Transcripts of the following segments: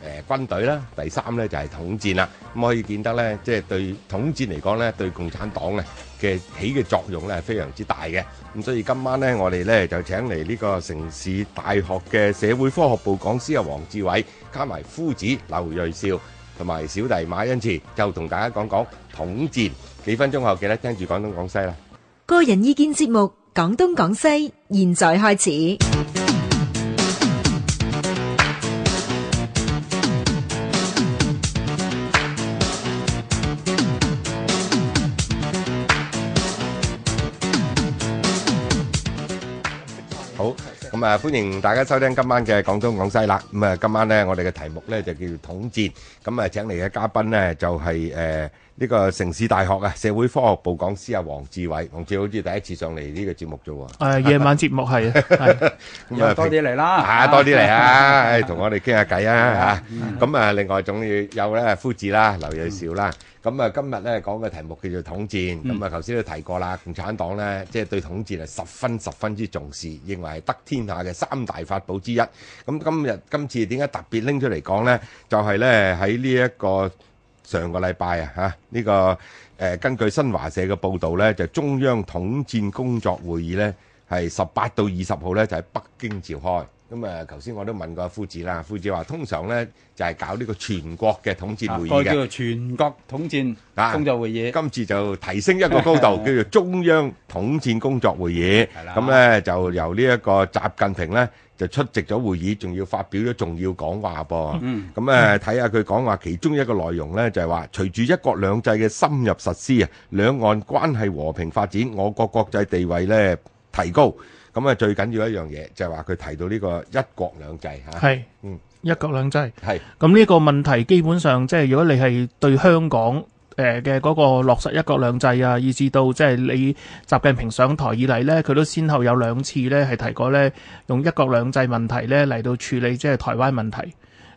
誒、呃、軍隊啦，第三呢就係統戰啦。咁可以見得呢，即係對統戰嚟講呢，對共產黨嘅起嘅作用呢係非常之大嘅。咁所以今晚呢，我哋呢就請嚟呢個城市大學嘅社會科學部講師啊，黃志偉加埋夫子劉瑞兆同埋小弟馬恩賜，就同大家講講統戰。幾分鐘後記得聽住廣東廣西啦。個人意見節目《廣東廣西》現在開始。嗯、歡迎大家收聽今晚嘅廣東廣西啦，嗯。今晚呢，我哋嘅題目呢就叫做統戰。咁、嗯、啊，請嚟嘅嘉賓呢，就係、是呃呢個城市大學嘅社會科學部講師啊，黃志偉，黃志偉好似第一次上嚟呢個節目啫喎。誒，夜晚節目係，咁啊多啲嚟啦，係多啲嚟啊，同我哋傾下偈啊嚇。咁啊，另外總要有仲要有咧，夫子啦，劉瑞兆啦。咁啊，今日咧講嘅題目叫做統戰。咁啊，頭先都提過啦，共產黨咧，即係對統戰係十分十分之重視，認為係得天下嘅三大法寶之一。咁今日今次點解特別拎出嚟講咧？就係咧喺呢一個。上個禮拜啊，嚇、啊、呢、這個呃、根據新華社嘅報導呢，就中央統戰工作會議呢，係十八到二十號呢，就喺北京召開。咁啊，頭先我都問過夫子啦，夫子話通常咧就係、是、搞呢個全國嘅統戰會議嘅，啊、叫做全國統戰工作會議。啊、今次就提升一個高度， 叫做中央統戰工作會議。咁 咧就由呢一個習近平咧就出席咗會議，仲要發表咗重要講話噃。咁、嗯、啊睇下佢講話其中一個內容咧就係、是、話，隨住一國兩制嘅深入實施啊，兩岸關係和平發展，我國國際地位咧提高。咁啊，最緊要一樣嘢就係話佢提到呢個一國兩制係，嗯，一國兩制。咁呢個問題基本上即係、就是、如果你係對香港誒嘅嗰個落實一國兩制啊，以至到即係你習近平上台以嚟呢，佢都先後有兩次呢係提過呢，用一國兩制問題呢嚟到處理即係台灣問題。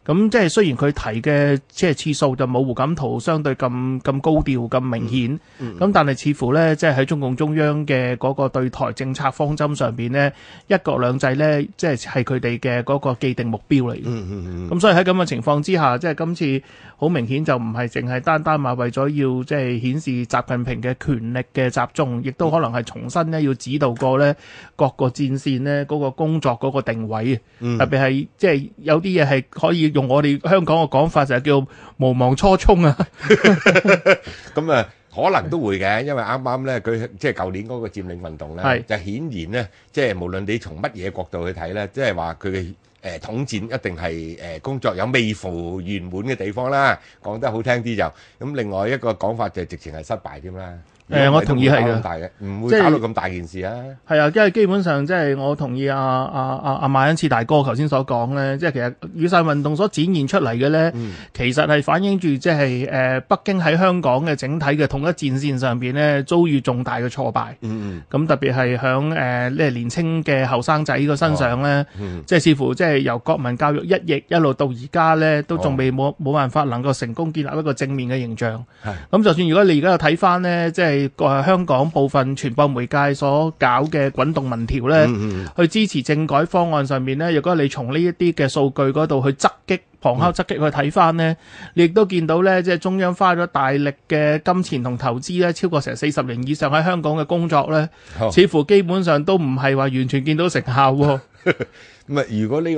咁即係雖然佢提嘅即係次數就冇胡錦濤相對咁咁高調咁明顯，咁、嗯嗯、但係似乎咧即係喺中共中央嘅嗰個對台政策方針上邊咧，一國兩制咧即係係佢哋嘅嗰個既定目標嚟。嘅、嗯，咁、嗯、所以喺咁嘅情況之下，即、就、係、是、今次好明顯就唔係淨係單單話為咗要即係顯示習近平嘅權力嘅集中，亦都可能係重新咧要指導過咧各個戰線咧嗰、那個工作嗰個定位，特別係即係有啲嘢係可以。用我哋香港嘅講法就係叫無忘初衷啊！咁啊，可能都會嘅，因為啱啱咧佢即係舊年嗰個佔領運動咧，就顯然咧，即係無論你從乜嘢角度去睇咧，即係話佢嘅誒統戰一定係誒工作有未符完滿嘅地方啦。講得好聽啲就，咁另外一個講法就係直情係失敗添啦。誒、欸，我同意係嘅，唔會搞到咁大件事啊！係啊，因為基本上即係、就是、我同意阿阿阿阿馬恩賜大哥頭先所講咧，即、就、係、是、其實雨傘運動所展現出嚟嘅咧，其實係反映住即係誒北京喺香港嘅整體嘅統一戰線上邊咧，遭遇重大嘅挫敗。咁、嗯嗯、特別係響誒，即、呃、年青嘅後生仔個身上咧，即、哦、係、嗯就是、似乎即係由國民教育一役一路到而家咧，都仲未冇冇辦法能夠成功建立一個正面嘅形象。咁、嗯、就算如果你而家又睇翻咧，即係。個香港部分傳播媒介所搞嘅滾動民調咧，去支持政改方案上面咧，如果你從呢一啲嘅數據嗰度去側擊旁敲側擊去睇翻咧，你亦都見到咧，即係中央花咗大力嘅金錢同投資咧，超過成四十年以上喺香港嘅工作咧，似乎基本上都唔係話完全見到成效。咁啊，如果呢？